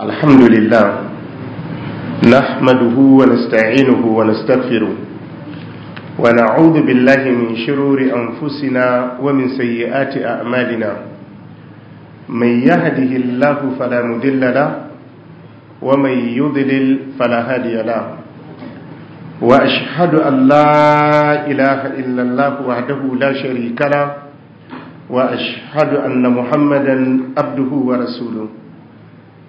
الحمد لله نحمده ونستعينه ونستغفره ونعوذ بالله من شرور أنفسنا ومن سيئات أعمالنا من يهده الله فلا مدل له ومن يضلل فلا هادي له وأشهد أن لا إله إلا الله وحده لا شريك له وأشهد أن محمدا عبده ورسوله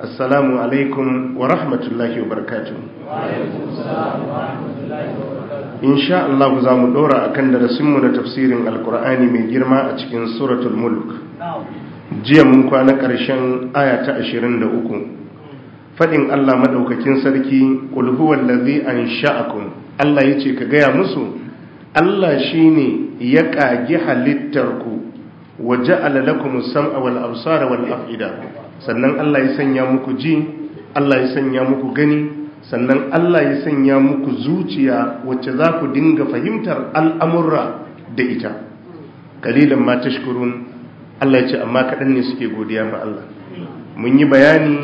assalamu alaikum wa rahmatullahi wa barkatu. insha Allah za mu dora akan darasinmu na tafsirin alkur'ani mai girma a cikin suratul mulk jiya mun kwana ƙarshen aya ta ashirin da uku. Faɗin Allah madaukakin sarki qul huwallazi ansha'akum Allah yace ka gaya musu Allah shine ya ƙage halittarku waje ja'ala lakumus sam'a wal absara wal af'ida sannan Allah ya sanya muku ji Allah ya sanya muku gani sannan Allah ya sanya muku zuciya wacce za ku dinga fahimtar al'amurra da ita kalilan ma tashkurun Allah ya ce amma kaɗan ne suke godiya ma Allah mun yi bayani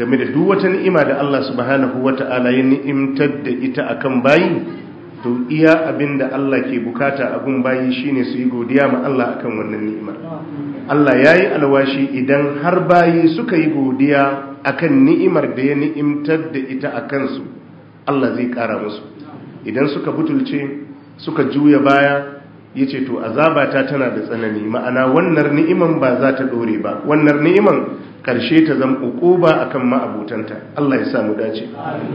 game da duk wata ni'ima da Allah subhanahu wata'ala ya ni'imtar da ita akan bayi To iya abin da Allah ke bukata abin bayi shine su yi godiya ma Allah akan wannan ni'imar Allah ya yi alwashi idan har bayi suka yi godiya akan ni'imar da ya ni'imtar da ita a kansu Allah zai ƙara musu idan suka butulce suka juya baya ya ce to azabata tana da tsanani ma'ana wannan ni'iman ba za ta ɗore ba wannan ni'iman karshe ta zama a kan ma'abutanta Allah ya samu dace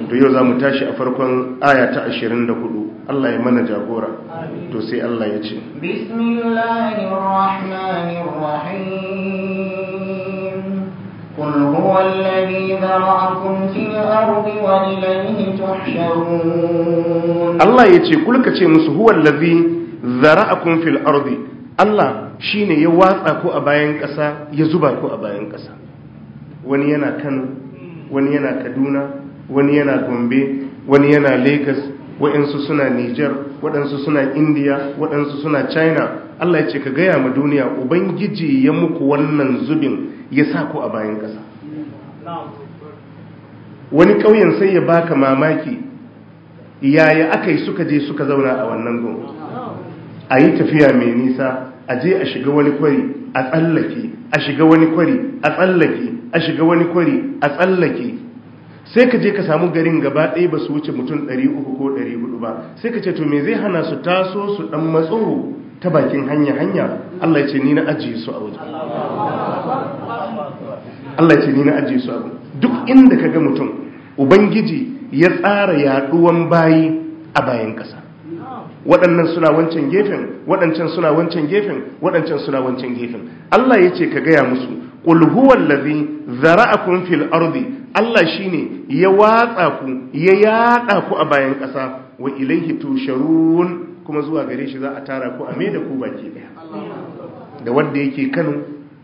to yau za mu tashi a farkon aya ta 24 Allah ya mana jagora to sai Allah ya ce Allah ya ce kulka ce musu huwa alladhi a fil ardi Allah shine ya watsa ko a bayan ƙasa ya zuba ko a bayan ƙasa wani yana kano wani yana kaduna wani yana gombe wani yana lagos waɗansu suna niger waɗansu suna india waɗansu suna china allah ya ce ka gaya ma duniya ubangiji ya muku wannan zubin ya sa ku a bayan ƙasa wani ƙauyen sai ya baka mamaki yaya aka yi suka je suka zauna a wannan gon a yi tafiya mai nisa a je a shiga wani kwari a tsallake a shiga wani kwari a tsallake a shiga wani kwari a tsallake sai ka je ka samu garin gaba ɗaya ba su wuce mutum 300 ko 400 ba sai ka ce to me zai hana su taso su ɗan matso ta bakin hanya hanya Allah ya ce ni na ajiye su a waje Allah ya ce ni na ajiye su a waje duk inda ka ga mutum ubangiji ya tsara yaɗuwan bayi a bayan ƙasa waɗannan suna wancan gefen waɗancan suna wancan gefen waɗancan suna wancan gefen Allah ya ce ka gaya musu qul huwallazi zara'akum fil ardi Allah shi ne ya watsa ku ya yaɗa ku a bayan ƙasa wa ilaihi tusharun kuma zuwa gare shi za a tara ku a me da ku baki ɗaya da wanda yake Kano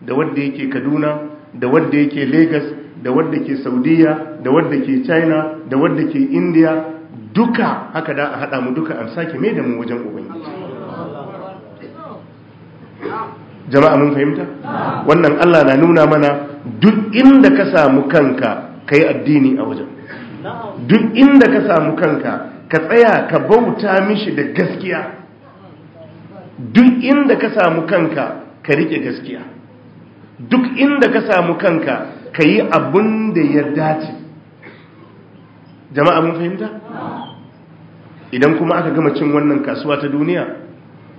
da wanda yake Kaduna da wanda yake Lagos da wanda ke Saudiya da wanda ke China da wanda ke India duka haka da a haɗa mu duka an sake mai da mu wajen ubangiji jama'a mun fahimta wannan allah na nuna mana duk inda ka samu kanka ka yi addini a wajen duk inda ka samu kanka ka tsaya ka bauta mishi da gaskiya duk inda ka samu kanka ka riƙe gaskiya duk inda ka samu kanka ka yi abin da ya dace jama'a mun fahimta idan kuma aka gama cin wannan kasuwa ta duniya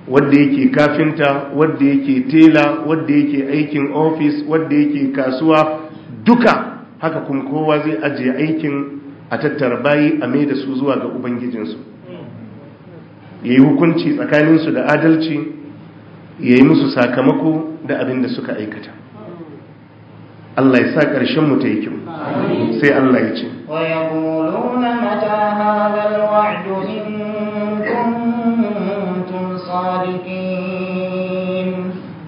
wadda yake kafinta wadda yake tela wadda yake aikin ofis wadda yake kasuwa duka haka kuma kowa zai ajiye aikin a tattara bayi a mai da su zuwa ga ubangijinsu ya yi hukunci tsakaninsu da adalci ya yi musu sakamako da abin da suka aikata Allah ya sa ƙarshen mu ta yi kyau sai Allah ya ce ويقولون متى هذا الوعد إن كنتم صادقين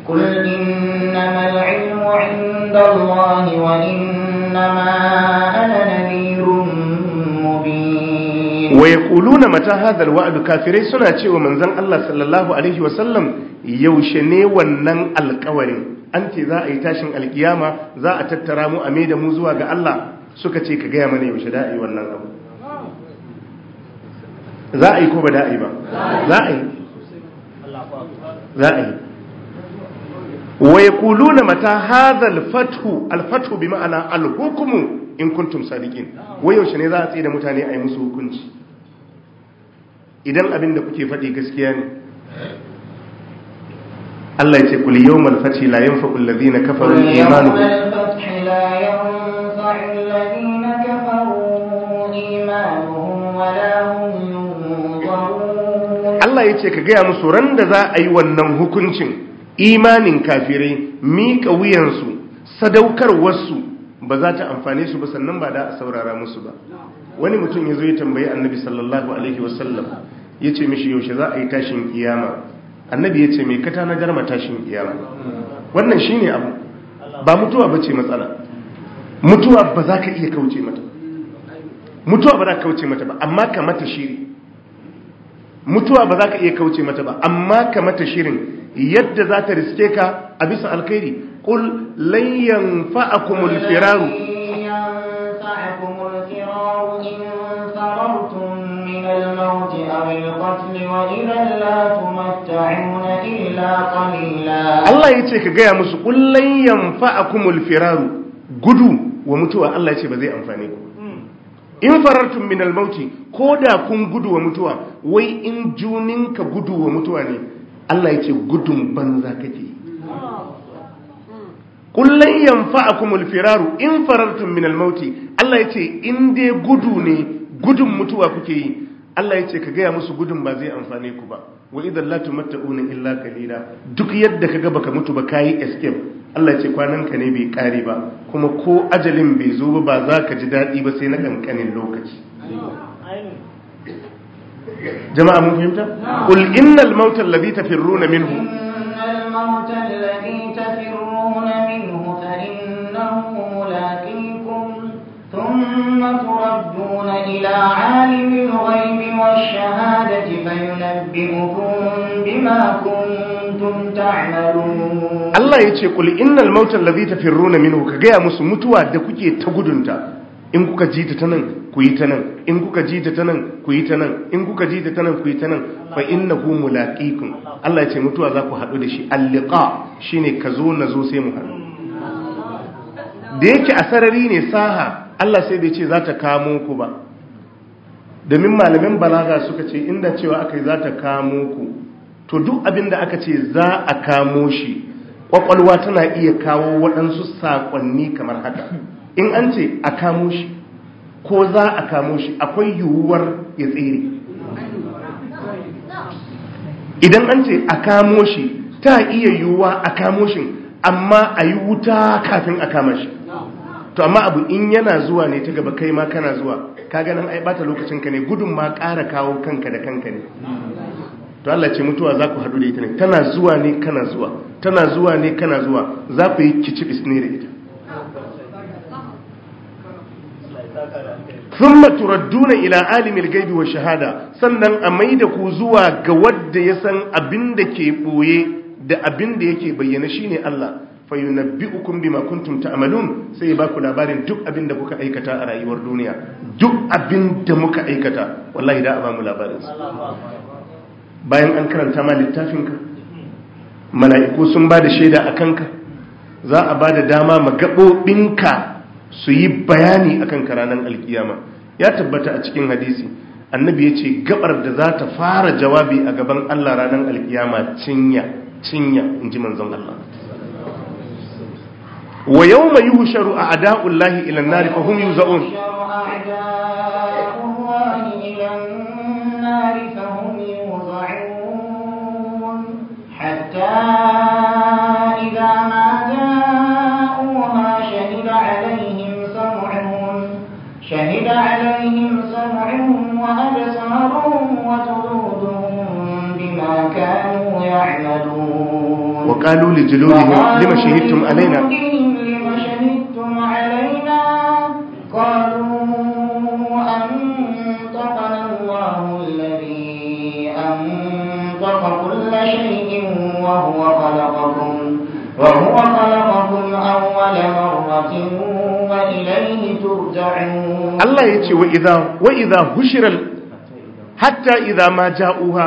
قل إنما العلم عند الله وإنما أنا نذير مبين ويقولون متى هذا الوعد كافرين سنة cewa manzon Allah sallallahu yaushe ne wannan alƙawarin an ce za a yi tashin alkiyama za a tattara mu a mai da mu zuwa ga Allah suka ce ka gaya mana yaushe da'i wannan abu za ko ba da'i ba za'i za'i wa yaquluna mata hadha al-fathu al-fathu bi ma'ana al-hukmu in kuntum sadiqin wai yaushe ne za a tsaye da mutane a yi musu hukunci idan abin da kuke faɗi gaskiya ne Allah ya ce kul yawmal fathi la yanfa'u alladhina kafaru imanuhum Allah ya ce ka gaya musu ran da za a yi wannan hukuncin imanin kafirai miƙa wuyansu sadaukarwarsu ba za ta amfane su ba sannan ba da a saurara musu ba wani mutum ya zo ya tambayi annabi sallallahu alaihi wasallam ya ce mishi yaushe za a yi tashin kiyama annabi ya ce mai kata na jarma tashin kiyama wannan shi ne abu ba mutuwa ba ce matsala mutuwa ba za ka iya kauce mata mutuwa ba za ka kauce mata ba amma ka mata shiri mutuwa ba za ka iya kauce mata ba amma ka mata shirin yadda za ta riske ka a bisa alkhairi qul layyan fa'akumul firaru Allah ya ce ka gaya musu ƙullon fa’akumul a firaru gudu wa mutuwa Allah ce ba zai amfane ku hmm. in farartun minal mauti ko da kun gudu wa mutuwa wai in juninka gudu wa mutuwa ne Allah ya ce gudun banza kake kullun hmm. yanfa akumul firaru in farartun minal mauti Allah ya ce in dai gudu ne gudun mutuwa kuke yi Allah ya ce ka gaya musu gudun ba zai amfane ku ba wa idan la tumatta'una illa kalila. duk yadda ka kaga baka mutu ba kayi escape Allah ce kwananka ne bai kare ba kuma ko ajalin bai zo ba ba za ka ji daɗi ba sai na ƙanƙanin lokaci jama'a mun fahimta qul innal mauta alladhi tafirruna minhu innal mauta alladhi tafirruna minhu ثم تردون إلى عالم الغيب والشهادة فينبئكم بما كنتم تعملون الله يتي قل إن الموت الذي تفرون منه كجاء مسمتوا دكوكي تغدنتا in kuka ji ta nan ku yi ta nan in kuka ji ta nan ku yi ta nan in kuka ji ta nan ku yi ta nan fa innahu mulaqikum Allah ya ce mutuwa za ku haɗu da shi alliqa shine ka zo na zo sai mu haɗu da yake a sarari ne saha Allah sai bai ce za ta kamo ku ba domin malamin balaga suka ce inda cewa aka yi za ta kamo ku to duk abin da aka ce za a kamo shi kwakwalwa tana iya kawo waɗansu saƙonni kamar haka in an ce a kamo shi ko za a kamo shi akwai yiwuwar ya tsere idan an ce a kamo shi ta iya yiwuwa a kamo shi amma a yi wuta kafin a kama shi to amma abu in yana zuwa ne ta gaba kai ma kana zuwa ka ganin ai bata lokacin ka ne gudun ma ƙara kawo kanka da kanka ne to Allah ce mutuwa za ku haɗu da ita ne tana zuwa ne kana zuwa tana zuwa ne kana zuwa za ku yi kici ne da ita sun maturadduna ila alimil gaibi wa shahada sannan a mai da ku zuwa ga wadda ya san abin da ke ɓoye da abin da yake bayyana shine Allah fayunabbi'ukum bima kuntum ta'malun sai ya baku labarin duk abin da kuka aikata a rayuwar duniya duk abin da muka aikata wallahi da a ba mu labarin bayan an karanta ma littafin ka mala'iku sun ba da shaida a kanka za a ba da dama ka su yi bayani a kanka ranar alkiyama ya tabbata a cikin hadisi annabi ya ce gabar da za ta fara jawabi a gaban allah ranar alkiyama cinya cinya in ji manzon allah wa yau mai yuhusharu a ada'ullahi ilan nari fa hum yuza'un حتى إذا ما جاءوها شهد عليهم سمعهم شهد عليهم سمعهم وأبصارهم وجلودهم بما كانوا يعملون وقالوا لجلودهم لما شهدتم علينا Allah ya ce wa iza hushiral hatta iza ma ja'uha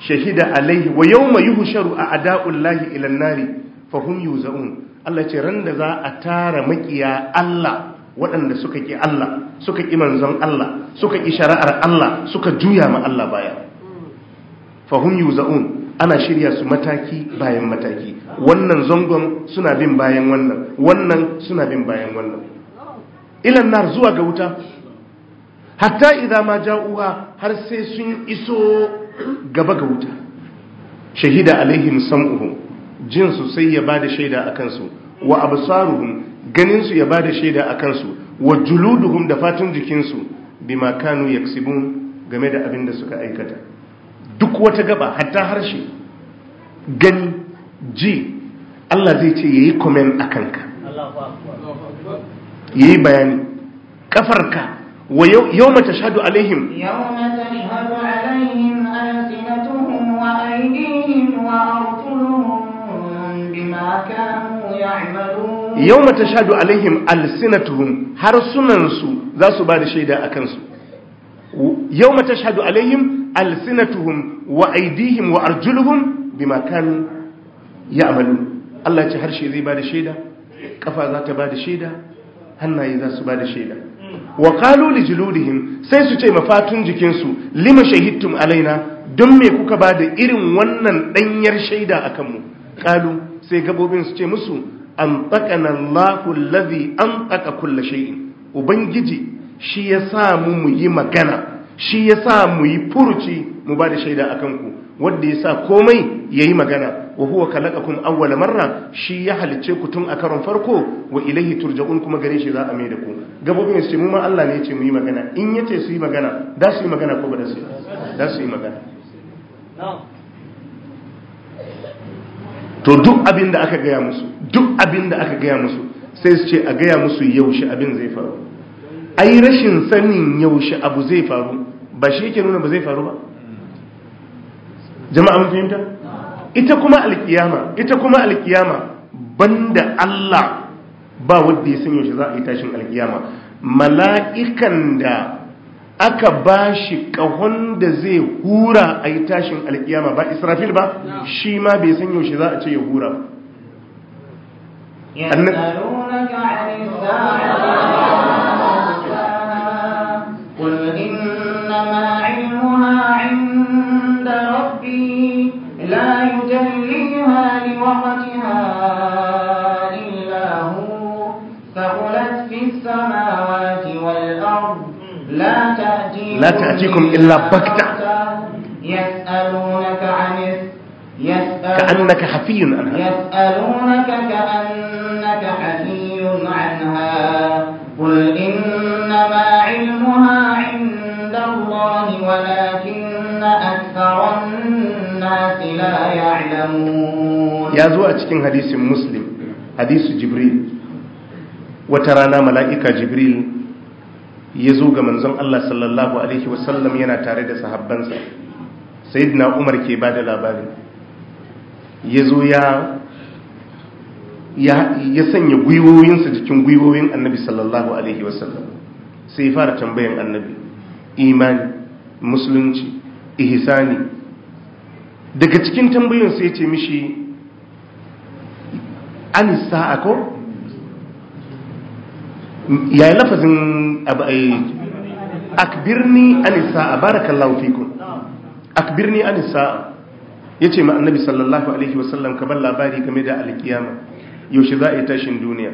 shahida alaihi wa yau hushiru a a'da'ullahi ila an-nari yi yuzaun Allah ce ran da za a tara makiya Allah waɗanda suka ƙi Allah suka ƙi manzon Allah suka ƙi shara'ar Allah suka juya ma Allah baya yi yuzaun ana shirya su mataki bayan mataki wannan zangon suna bin bayan wannan wannan suna bin bayan wannan ilan nar zuwa ga wuta hatta idza ma ja'uha har sai sun iso gaba ga wuta shahida alaihim sam'uhum jinsu sai ya bada shaida akan su wa absaruhum ganin su ya bada shaida akan su wa juluduhum da fatun jikin su bima kanu yaksibun game da abin da suka aikata duk wata gaba hatta harshe gani ji Allah zai ce yayi comment akan ka Yi bayani Ƙafarka, wa yau tashhadu shaɗu yawma tashhadu alaihim alsinatuhum wa aydihim wa arjuluhum bima kanu ya'malun yawma tashhadu alaihim alsinatuhum harsunan su za su ba da shaida a akan su yawma tashhadu alaihim alsinatuhum wa aydihim wa arjuluhum bima ya amalu. Allah ya ce harshe zai ba da shaida ƙafa za ta ba da shaida hannaye za su ba da shaida hmm. wa qalu li juludihim sai su ce mafatun jikinsu lima shahidtum alaina don me kuka ba da irin wannan danyar shaida akan mu qalu sai gabobin su ce musu an taqana Allahu allazi an taqa kulli shay'in ubangiji shi ya sa mu mu yi magana shi ya sa mu yi furuci mu ba da shaida akan ku wanda ya sa komai ya yi magana wa huwa kalakakun awwala marra shi ya halicce ku tun a karon farko wa ilahi turja'un kuma gare shi za a mai da ku gabobin su ce mu ma Allah ne ya ce mu yi magana in ya ce su yi magana da su yi magana ko ba da su yi da su yi magana to duk abin da aka gaya musu duk abin da aka gaya musu sai su ce a gaya musu yaushe abin zai faru ai rashin sanin yaushe abu zai faru ba shi yake nuna ba zai faru ba jama'a mun fahimta ita kuma alkiyama ita kuma alkiyama banda Allah ba wanda ya san shi za a yi tashin alkiyama mala'ikan da aka ba shi kahon da zai hura a yi tashin alkiyama ba israfil ba shi ma bai san shi za a ce ya hura قل إنما علمها عند ربي لا يجليها لوقتها إلا هو فقلت في السماوات والأرض لا تأتيكم, لا تأتيكم إلا بكتة يسألونك عن يسألونك كأنك حفي عنها يسألونك كأنك حفي عنها قل إنما علمها عند الله ولكن أكثر Ya zo a cikin hadisin muslim hadisu jibril wata rana mala'ika jibril ya zo ga manzon Allah sallallahu alaihi wasallam yana tare da sahabbansa na umar ke ba da labari ya zo ya ya sanya gwiwoyinsa jikin gwiwoyin annabi sallallahu alaihi wasallam sai fara tambayan annabi imani musulunci ihsani daga cikin tambayoyin sai ce mishi an sa'a ko ya lafazin eh, akbirni an sa'a barakallahu fikum akbirni an sa'a yace ma annabi sallallahu alaihi wasallam kamar labari game da alkiyama yaushe za a yi tashin duniya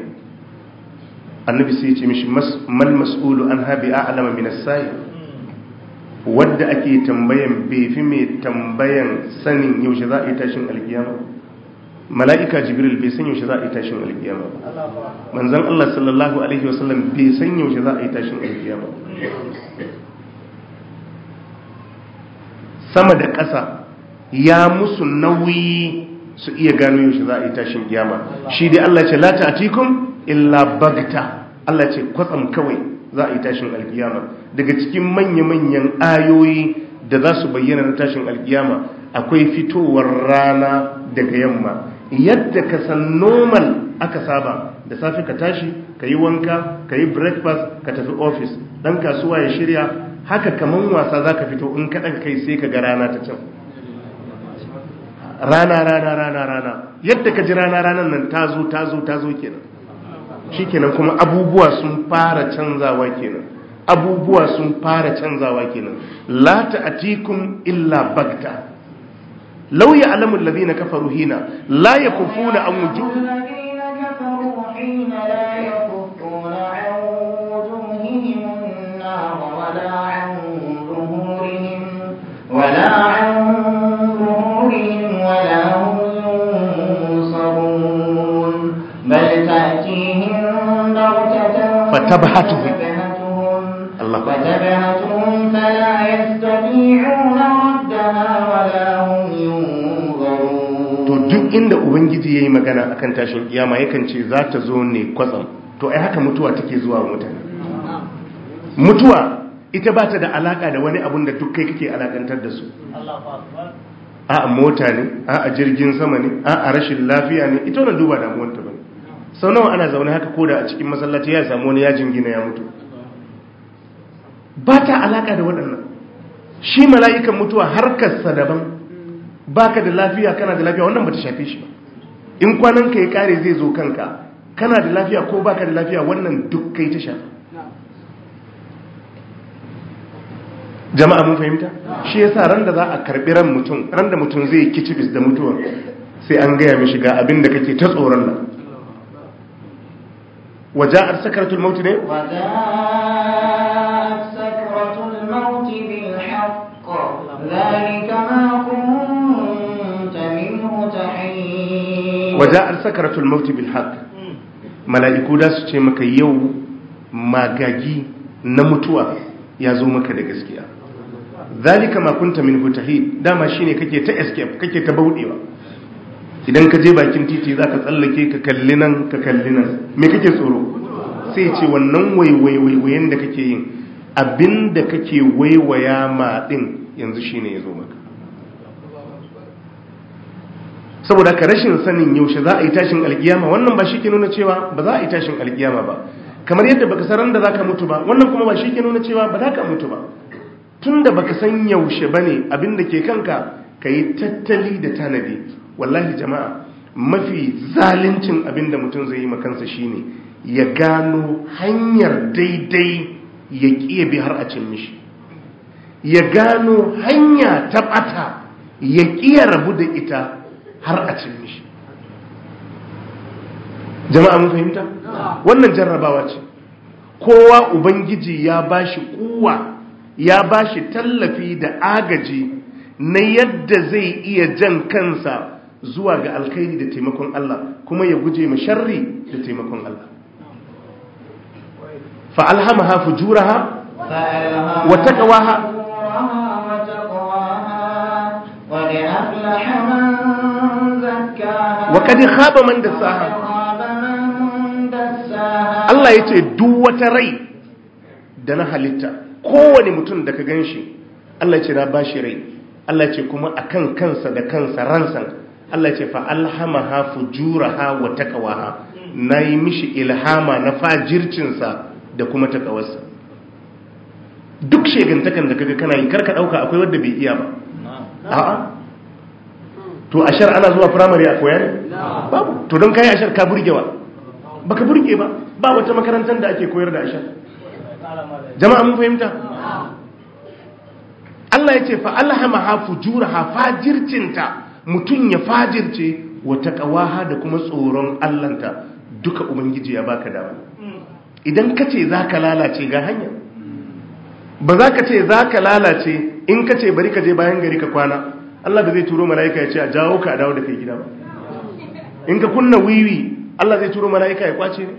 annabi sai ya ce mishi mal mas'ulu an habi a'lama min as-sa'i wadda ake tambayan fi mai tambayan sanin yaushe za a yi tashin alkiyama mala'ika jibril bai san yaushe za a yi tashin alkiyama manzan allah sallallahu alaihi wasallam bai san yaushe za a yi tashin alkiyama sama da ƙasa ya musu nauyi su iya gano yaushe za a yi tashin kiyama shi dai allah ce la ta'tikum illa bagta allah ce kwatsam kawai za a yi tashin alkiyama daga cikin manya-manyan ayoyi da za su bayyana na tashin alkiyama akwai fitowar rana daga yamma yadda ka san normal aka saba da safe ka tashi ka yi wanka ka yi breakfast ka tafi ofis ɗan kasuwa ya shirya haka kaman wasa za ka fito in kaɗan kai sai ka ga rana ta can rana rana rana rana yadda ka ji rana ranar nan ta zo ta zo ta zo kenan shikenan kuma abubuwa sun fara canzawa kenan abubuwa sun fara canzawa kenan la ta'atikum illa bagta law ya'lamu alladhina kafaru hina la yakufuna an wujuh ولا عن تبهتهم الله وتبهتهم فلا يستطيعون ردها ولا هم ينظرون to duk inda ubangiji yi magana akan tashin kiyama yakan ce za ta zo ne kwatsam to ai haka mutuwa take zuwa mutane mutuwa ita ba ta da alaka da wani abun da duk kai kake alakantar da su a'a mota ne a'a jirgin sama ne a'a rashin lafiya ne ita wannan duba damuwar ta sau nawa ana zaune haka koda a cikin masallaci ya samu wani yajin gina ya mutu ba ta alaka da waɗannan shi mala'ikan mutuwa harkarsa daban baka da lafiya kana da lafiya wannan ba ta shafe shi ba in ka ya kare zai zo kanka kana da lafiya ko baka da lafiya wannan duk kai ta shafe jama'a mun fahimta shi yasa ran da za a karbi ran mutum ran da mutum zai kicibis da mutuwa sai an gaya mishi ga abin da kake ta tsoron nan وجاءت سكرة mauti ne وجاءت سكرة الموت بالحق ذلك ما كنت منه تحين وجاءت سكرة الموت بالحق mala'iku da su ce maka yau magagi na mutuwa ya zo maka da gaskiya zalika ma kunta min hutahid dama shine kake ta escape kake ta baudewa idan ka je bakin titi za ka tsallake ka kalli nan ka kalli nan me kake tsoro sai ce wannan waiwaiwayen da kake yin abin da kake waiwaya ma din yanzu shine ya zo maka saboda ka rashin sanin yaushe za a yi tashin alkiyama wannan ba shi ke nuna cewa ba za a yi tashin alkiyama ba kamar yadda baka san da zaka mutu ba wannan kuma ba shi ke nuna cewa ba za ka mutu ba tunda baka san yaushe bane abin da ke kanka ka yi tattali da tanadi wallahi jama'a mafi zalincin abin da mutum zai yi kansa shine ya gano hanyar daidai ya ƙiya bi har a cin mishi ya gano hanya ta ɓata ya ƙiya rabu da ita har a cin mishi jama'a mun fahimta wannan jarrabawa ce kowa ubangiji ya bashi kuwa ya bashi tallafi da agaji na yadda zai iya jan kansa zuwa ga alkhairi da taimakon Allah kuma ya guje ma sharri da taimakon Allah fa alhamaha fujuraha wa taqwaha wa qad khaba man dassaha Allah yace duk wata rai da na halitta kowane mutum da ka ganshi Allah ce na bashi rai Allah ce kuma akan kansa da kansa ransan. Allah ce fa alhama fujura ha wa na yi mishi ilhama na fajircinsa da kuma takawarsa duk shegantakan da kaga kana yi karka dauka akwai wanda bai iya ba a'a to ashar ana zuwa primary a koya ne babu to don kai ashar ka burgewa baka burge ba ba wata makarantar da ake koyar da ashar jama'a mun fahimta Allah ya ce fa alhamaha ha fajircinta mutum ya fajirce wata ƙawaha da kuma tsoron allanta duka ubangiji ya baka dama idan ka ce za ka lalace ga hanya ba za ka ce za ka lalace in ka ce bari ka je bayan gari ka kwana Allah da zai turo mala'ika ya ce a jawo ka a dawo da kai gida ba in ka kunna wiwi Allah zai turo mala'ika ya kwace ne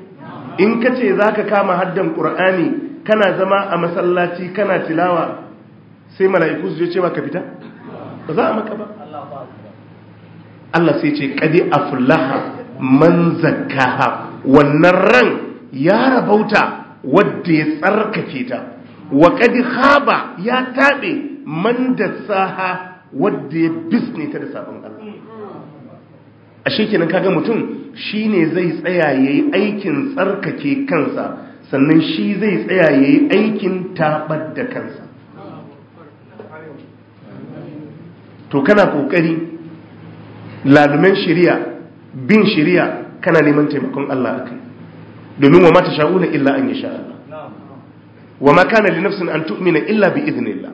in ka ce za ka kama haddan ƙur'ani kana zama a masallaci kana tilawa sai mala'iku su ce ba ka fita ba za a maka ba Allah sai ce kadi aflaha man zakkaha wannan ran ya rabauta wadda ya tsarkake ta wa kadi khaba ya taɓe, man dassaha wadda ya bisne ta da sabon Allah A kenan kaga mutum shi ne zai tsaya yayi aikin tsarkake kansa sannan shi zai tsaya yayi aikin tabar da kansa to kana kokari lalumin shiriya bin shiriya kana neman taimakon Allah akai domin wa mata sha'una illa an yi sha'ala wa ma li nafsin an tu'mina illa bi idhnillah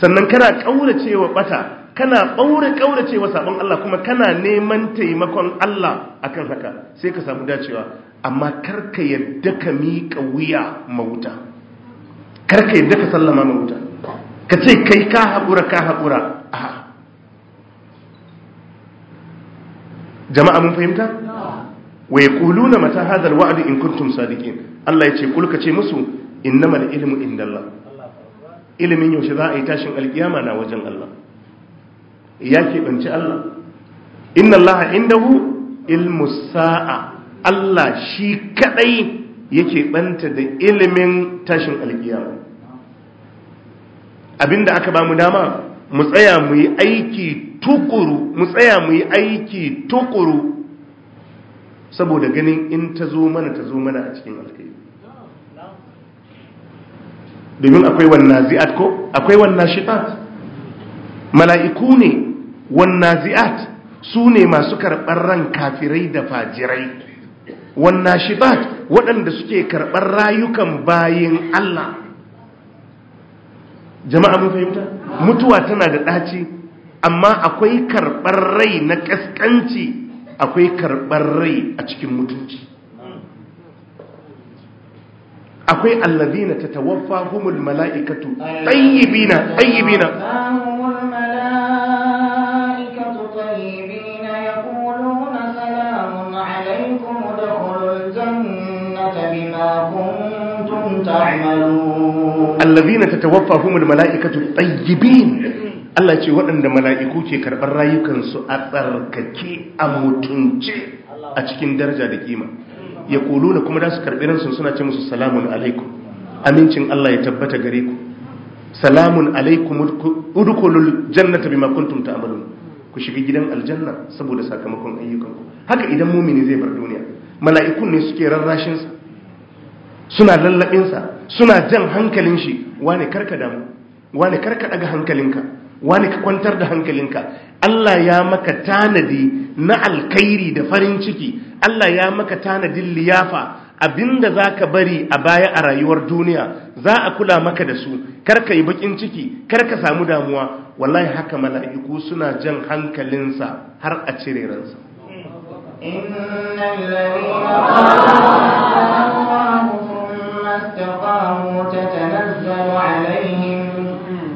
sannan kana cewa bata kana ɓaure cewa sabon Allah kuma kana neman taimakon Allah akan haka sai ka samu dacewa amma karka yadda ka miƙa wuya mawuta karka yadda ka sallama mawuta ka ce kai ka haƙura ka haƙura a jama'a mun fahimta wa yaquluna mata hadha alwa'd in kuntum sadiqin Allah yace kul kace musu innamal ilmu indallah ilimin yaushe za a yi tashin alkiyama na wajen Allah ya keɓanci Allah inna Allah indahu ilmu sa'a Allah shi kadai yake banta da ilimin tashin alkiyama abinda aka ba mu dama mu tsaya mu yi aiki tukuru mu tsaya mu yi aiki tukuru saboda ganin in ta zo mana ta zo mana a cikin alkai domin akwai wannan zi'at ko akwai wannan shi'at mala'iku ne wannan zi'at su ne masu karɓar ran kafirai da fajirai wannan shi'at waɗanda suke karɓar rayukan bayin Allah jama'a mun fahimta mutuwa tana da ɗaci amma akwai karɓar rai na ƙasƙanci akwai karɓar rai a cikin mutunci akwai na ta tawaffa humul mala'ikatu tayyibina tayyibina الذين تتوفاهم الملائكة الطيبين Allah ce waɗanda mala'iku ke karɓar rayukansu a tsarkake a mutunce a cikin daraja da kima ya kulu na kuma da su karɓi ransu suna ce musu salamun alaikum amincin Allah ya tabbata gare ku salamun alaikum udkhulul jannata bima kuntum ta'malun ku shiga gidan aljanna saboda sakamakon ayyukanku haka idan mumini zai bar duniya mala'ikun ne suke rarrashin sa suna lallabin suna jan hankalin shi wane karka damu wane karka daga hankalinka wani ka kwantar da hankalinka Allah ya maka tanadi na alkairi da farin ciki Allah ya maka tanadin liyafa abinda za ka bari a baya a rayuwar duniya za a kula maka da su karka yi bakin ciki karka samu damuwa wallahi haka mala'iku suna jan hankalinsa har a cire ransa تتنزل عليهم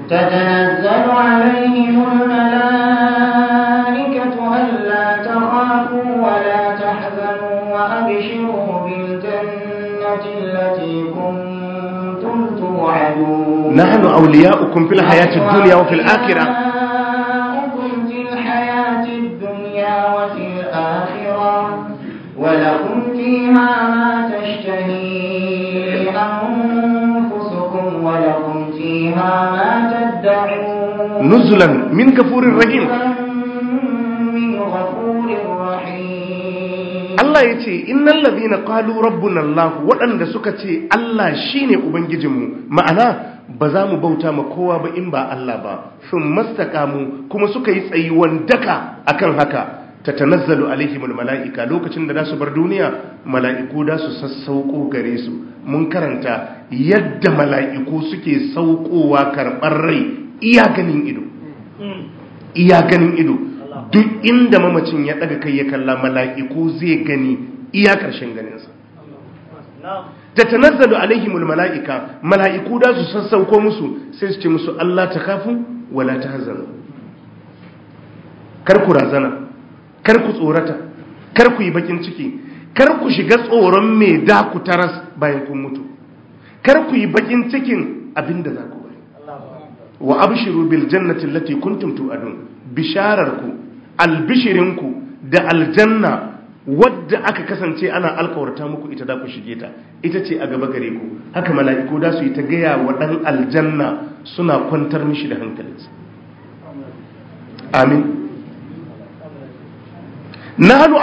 تتنزل عليهم الملائكة ألا تخافوا ولا تحزنوا وأبشروا بالجنة التي كنتم توعدون نحن أولياؤكم في الحياة الدنيا وفي الآخرة أولياؤكم في الحياة الدنيا وفي الآخرة ولكم فيها ما تشتهي أنفسكم ولكم فيها min kafurin نزلا من كفور ce, من غفور رحيم الله يتي إن الذين allah ربنا الله وأن سكتي الله شيني أبنججمو ba za mu bauta ma kowa ba in ba Allah ba sun mu, kuma suka yi tsayuwan daka akan haka ta tanazzalu alaihimul mala'ika lokacin da za su bar duniya mala'iku da su sassauko gare su mun karanta yadda mala'iku suke saukowa karɓar rai iya ganin ido iya ganin ido duk inda mamacin ya ɗaga kai ya kalla mala'iku zai gani iya ƙarshen ganinsa ta tanazzalu alaihimul mala'ika mala'iku da su san sauko musu sai su ce musu Allah ta kafu wala ta hazanu kar ku razana kar ku tsorata kar ku yi bakin ciki kar ku shiga tsoron mai da ku taras bayan kun mutu kar ku yi bakin cikin abin da za ku bari wa abshiru bil jannati allati kuntum tu'adun bishararku albishirinku da aljanna wadda aka kasance ana alkawarta muku ita da ku shige ta ita ce a gaba gare ku haka mala'iku da su yi ta gaya wa dan aljanna suna kwantar mishi da hankalinsa amin nahnu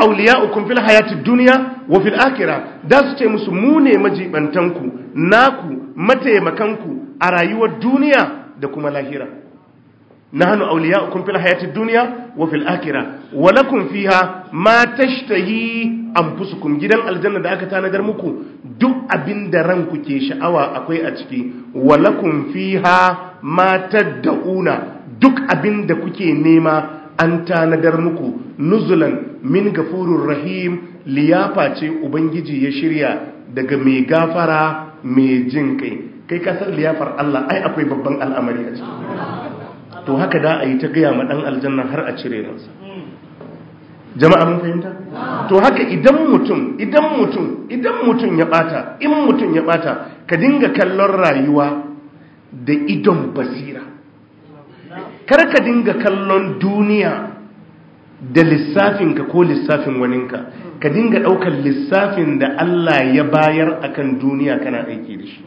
ukun fil hayatid dunya wa fil akhirah da su ce musu mu ne majibantanku naku mataimakanku a rayuwar duniya da kuma lahira nahanu ukun fil hayatid dunya wa fil akhirah wa lakum fiha ma tashtahi anfusukum gidan aljanna da aka tanadar muku duk abinda ranku ke sha'awa akwai a ciki wa lakum fiha ma da'una duk abinda kuke nema an tanadar muku nuzulan min gafurur rahim liyafa ce ubangiji ya shirya daga mai gafara mai jin kai kai kasar liyafar Allah ai akwai babban al'amari a ciki to haka da a yi ta gaya ma dan aljanna har a cire ransa jama'a mun fahimta to haka idan mutum idan mutum idan mutum ya bata in mutum ya bata ka dinga kallon rayuwa da idon basira karka dinga kallon duniya da lissafinka ko lissafin waninka ka dinga ɗaukar lissafin da Allah ya bayar akan duniya kana aiki da shi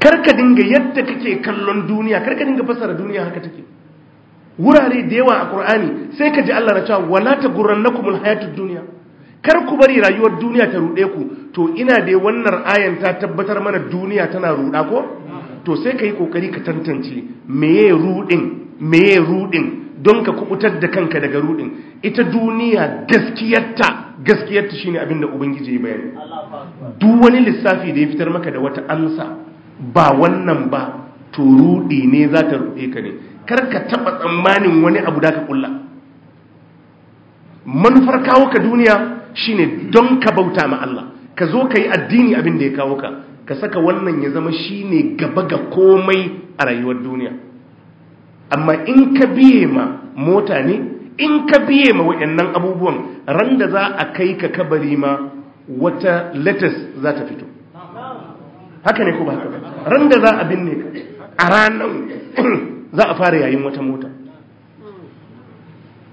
karka dinga yadda kake kallon duniya karka dinga fasara duniya haka take wurare da yawa a Kur'ani sai ka ji Allah na cewa wala ta taghurrannakumul hayatud duniya. kar ku bari rayuwar duniya ta ruɗe ku to ina da wannan ayan ta tabbatar mana duniya tana ruɗa ko to sai ka yi kokari ka tantance meye rudin meye rudin don ka kubutar da kanka daga rudin ita duniya gaskiyarta gaskiyarta shine abin da ubangiji ya bayani duk wani lissafi da ya fitar maka da wata amsa ba wannan ba to rudi ne za ta rude ka ne kar ka taba tsammanin wani abu da ka kulla manufar kawo ka duniya shine don ka bauta ma Allah ka zo ka yi addini abin da ya kawo ka ka saka wannan ya zama shi ne gaba ga komai a rayuwar duniya amma in ka biye ma mota ne in ka biye ma waɗannan abubuwan ran da za a kai ka kabari ma wata latas za ta fito haka ne ko ba haka ran da za a binne ka a ranar za a fara yayin wata mota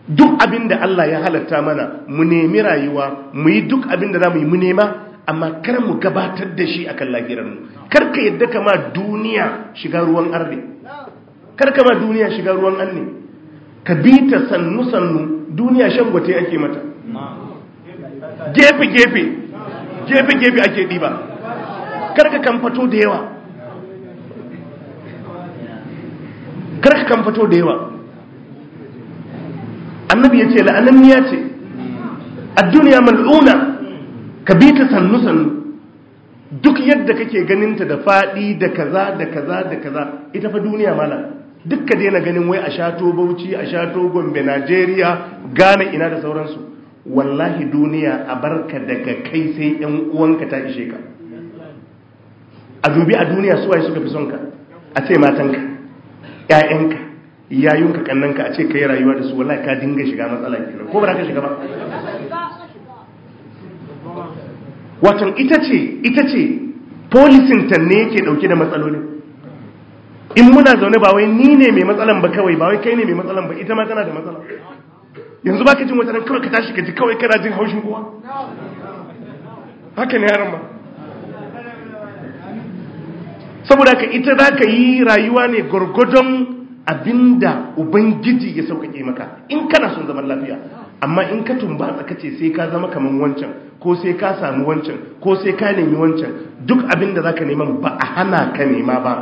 duk abin da Allah ya halatta mana mu nemi rayuwa mu yi duk abin da za mu yi mu nema amma kar mu gabatar da shi akan mu. kar ka yadda kama duniya shiga ruwan arne kar ka ma duniya shiga ruwan arne ka bi ta sannu sannu duniya shan gwate ake mata gefe gefe gefe gefe ake diba kar ka kamfato da yawa kar ka kamfato da yawa annabi ya ce ya ce a duniya mal'una ka bi ta sannu sannu duk yadda kake ganinta da faɗi da kaza da kaza da kaza ita fa duniya mala duk ka daina ganin wai a shato bauchi a shato gombe najeriya ghana ina da sauransu wallahi duniya a barka daga kai sai yan uwanka ta ishe ka a dubi a duniya suwa suka fi son ka a ce matanka ƴaƴanka yayunka kannanka a ce ka yi rayuwa da su wallahi ka dinga shiga matsala ko ba ka shiga ba wato ita ce ita ce ne yake dauke da matsalolin in muna zaune ba wai ni ne mai matsalan ba kawai ba wai kai ne mai matsalan ba ita ma tana da matsala yanzu baka jin wataran kawai ka tashi ka ji kawai kana jin haushin kowa haka ne yaran ba saboda ka ita za ka yi rayuwa ne gwargwadon abinda ubangiji ya sauƙaƙe maka in samun zaman lafiya amma in ka tumbatsa ka ce sai ka zama kaman wancan ko sai ka samu wancan ko sai ka nemi wancan duk abin da za ka neman ba a hana ka nema ba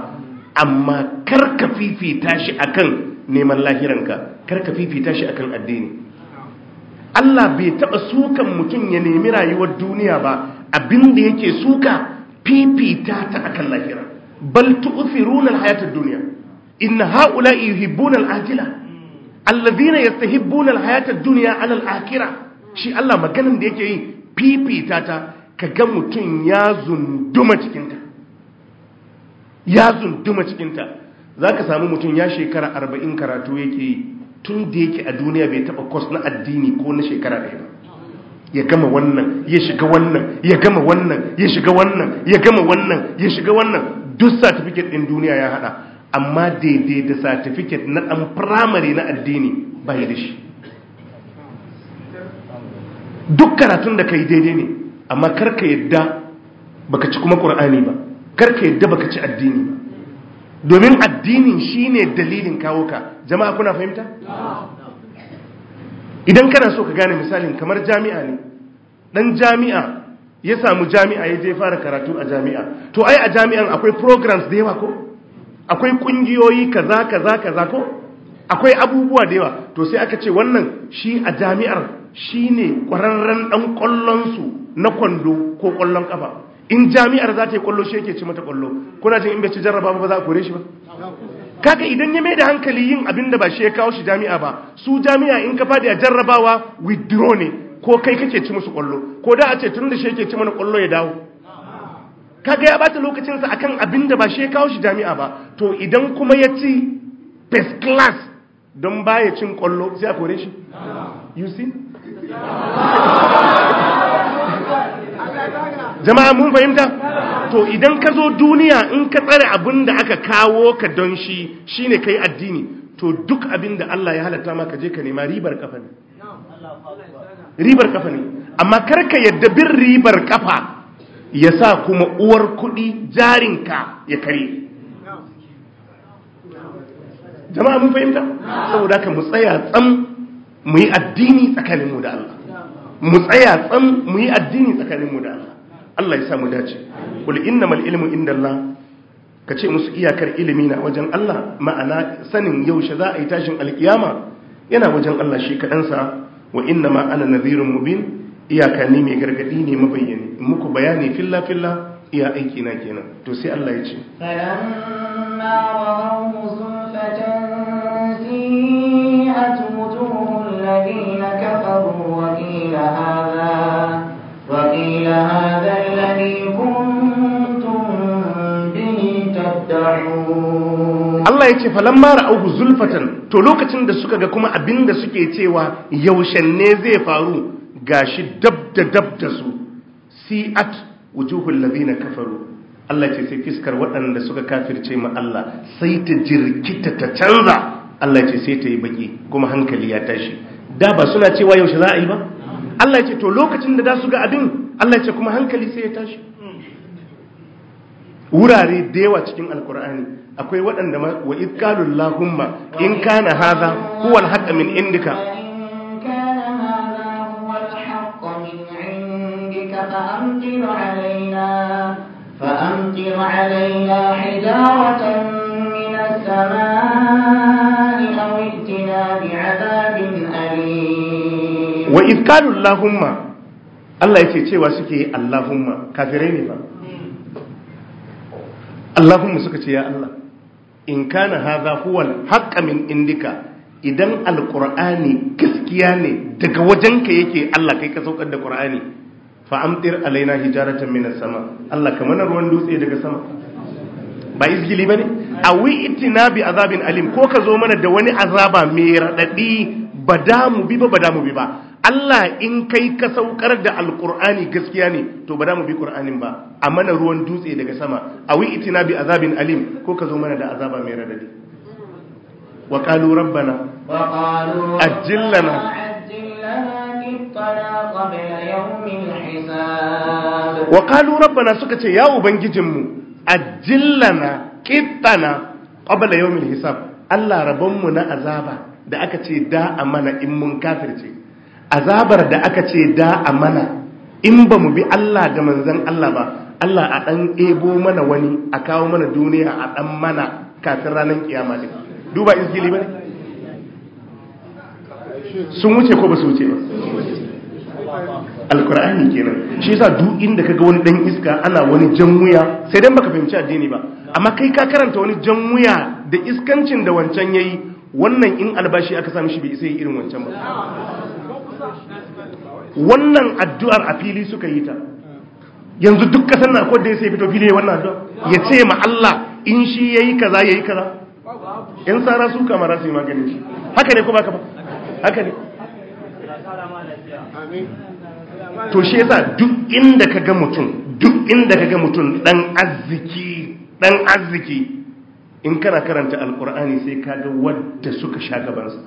amma kar ka fifita shi akan neman lahiranka kar ka fifita shi akan addini Allah bai taɓa sukan mutum ya nemi rayuwar duniya ba abin da yake suka fifita ta akan lahira bal tu'thiruna al-hayata ad-dunya in ha'ula'i yuhibbuna al-ajila allazina yastahibbuna alhayata ad-dunya ala al-akhirah shi Allah maganin da yake yi fifita ta kaga mutun ya zunduma cikin ta ya zunduma cikin ta zaka samu mutun ya shekara 40 karatu yake yi tun da yake a duniya bai taba course na addini ko na shekara ɗaya ba ya gama wannan ya shiga wannan ya gama wannan ya shiga wannan ya gama wannan ya shiga wannan duk certificate din duniya ya hada amma daidai da certificate na ɗan firamare na addini bai da shi duk karatun da ka yi daidai ne amma karka yadda baka ci kuma ƙur'ani ba karka yadda baka ci addini ba domin addinin shine dalilin kawo ka jama'a kuna fahimta idan kana so ka gane misalin kamar jami'a ne dan jami'a ya samu jami'a ya je fara karatu a jami'a to ai a jami'an akwai programs da yawa ko akwai kungiyoyi kaza kaza kaza ko akwai abubuwa da yawa to sai aka ce wannan shi a jami'ar shi ne dan ɗan su na kwando ko ƙwallon kafa in jami'ar za ta yi ƙwallo shi yake ci mata kwallo kuna jin in bai ci jarraba ba za a kore shi ba kaga idan ya mai da hankali yin abin da ba shi ya kawo shi jami'a ba su jami'a in ka fadi a jarrabawa withdraw ne ko kai kake ci musu kwallo ko da a ce tun da shi yake ci mana kwallo ya dawo kaga ya bata lokacinsa akan abin da ba shi ya kawo shi jami'a ba to idan kuma ya ci first class don baya cin kwallo sai a kore shi you see jama'a mun fahimta to idan ka zo duniya in ka tsare abin da aka kawo ka don shi shine kai addini to duk abin da Allah ya halatta maka je ka nema ribar kafa ne ribar kafa ne amma karka yadda bin ribar kafa ya sa kuma uwar kuɗi jarinka ya kare jama'a mun fahimta saboda haka mu tsaya tsam mu yi addini tsakaninmu da Allah mu tsaya tsam mu yi addini tsakaninmu da Allah Allah ya sa mu dace kul mal ilmu indallah ka ce musu iyakar ilimi na wajen Allah ma'ana sanin yaushe za a yi tashin alkiyama yana wajen Allah shi kaɗansa wa inna ma ana nadhirun mubin iyaka ne mai gargadi ne mabayyani muku bayani filla filla iya aiki na kenan to sai Allah ya ce Allah ya ce mara auku zulfatan to lokacin da suka ga kuma abin da suke cewa yaushe ne zai faru gashi dab da dab da su si'at wujuhul ladina kafaru Allah ce sai fiskar waɗanda suka kafirce ma Allah sai ta jirkita ta canza Allah ce sai ta yi baki kuma hankali ya tashi da ba suna cewa yaushe za a yi ba Allah ce to lokacin da za su ga abin Allah ce kuma hankali sai ya tashi wurare da yawa cikin alkur'ani akwai waɗanda wa idkalul lahumma in kana hadha huwa al min indika فأمطر علينا فأمطر علينا حجارة من السماء أو ائتنا بعذاب أليم وإذ قالوا اللهم الله يتيتي وسكي اللهم كافرين ما اللهم سكتي يا الله إن كان هذا هو الحق من عندك إذا القرآن كسكياني دك وجنك يكي الله كي كسوك قرآني fa amtir alaina hijaratan minas sama Allah kamar ruwan dutse daga sama ba izgili bane wi'iti itina bi azabin alim ko ka zo mana da wani azaba mai radadi badamu bi ba badamu bi ba Allah in kai ka saukar da Alƙur'ani gaskiya ne to ba da mu bi qur'anin ba a mana ruwan dutse daga sama a wi itina bi azabin alim ko ka zo mana da azaba mai radadi wa qalu rabbana wa qalu ajil lana wa kalu rabbana suka ce ya ubangijinmu ajillana kittana qabla yawmil hisab Allah rabonmu na azaba da aka ce da a mana in mun kafirce azabar da aka ce da a mana in ba mu bi Allah da manzon Allah ba Allah a ɗan ebo mana wani a kawo mana duniya a ɗan mana kafin ranar kiyama din duba izgili bane sun wuce ko ba su wuce ba alkur'ani kenan shi yasa duk inda kaga wani dan iska ana wani jan wuya sai dan baka fahimci addini ba amma kai ka karanta wani jan wuya da iskancin da wancan yayi wannan in albashi aka sami shi bai isa yi irin wancan ba wannan addu'ar a fili suka yi ta yanzu duk sanna na da sai fito fili wannan addu'a ya ce ma Allah in shi ya yi kaza ya yi kaza ‘yan tsara su kamara su yi magani shi haka ne ko baka ba haka ne to shi yasa duk inda ka ga mutum duk inda ka ga mutum dan arziki dan arziki in kana karanta alkur'ani sai ka ga wadda suka sha gabansa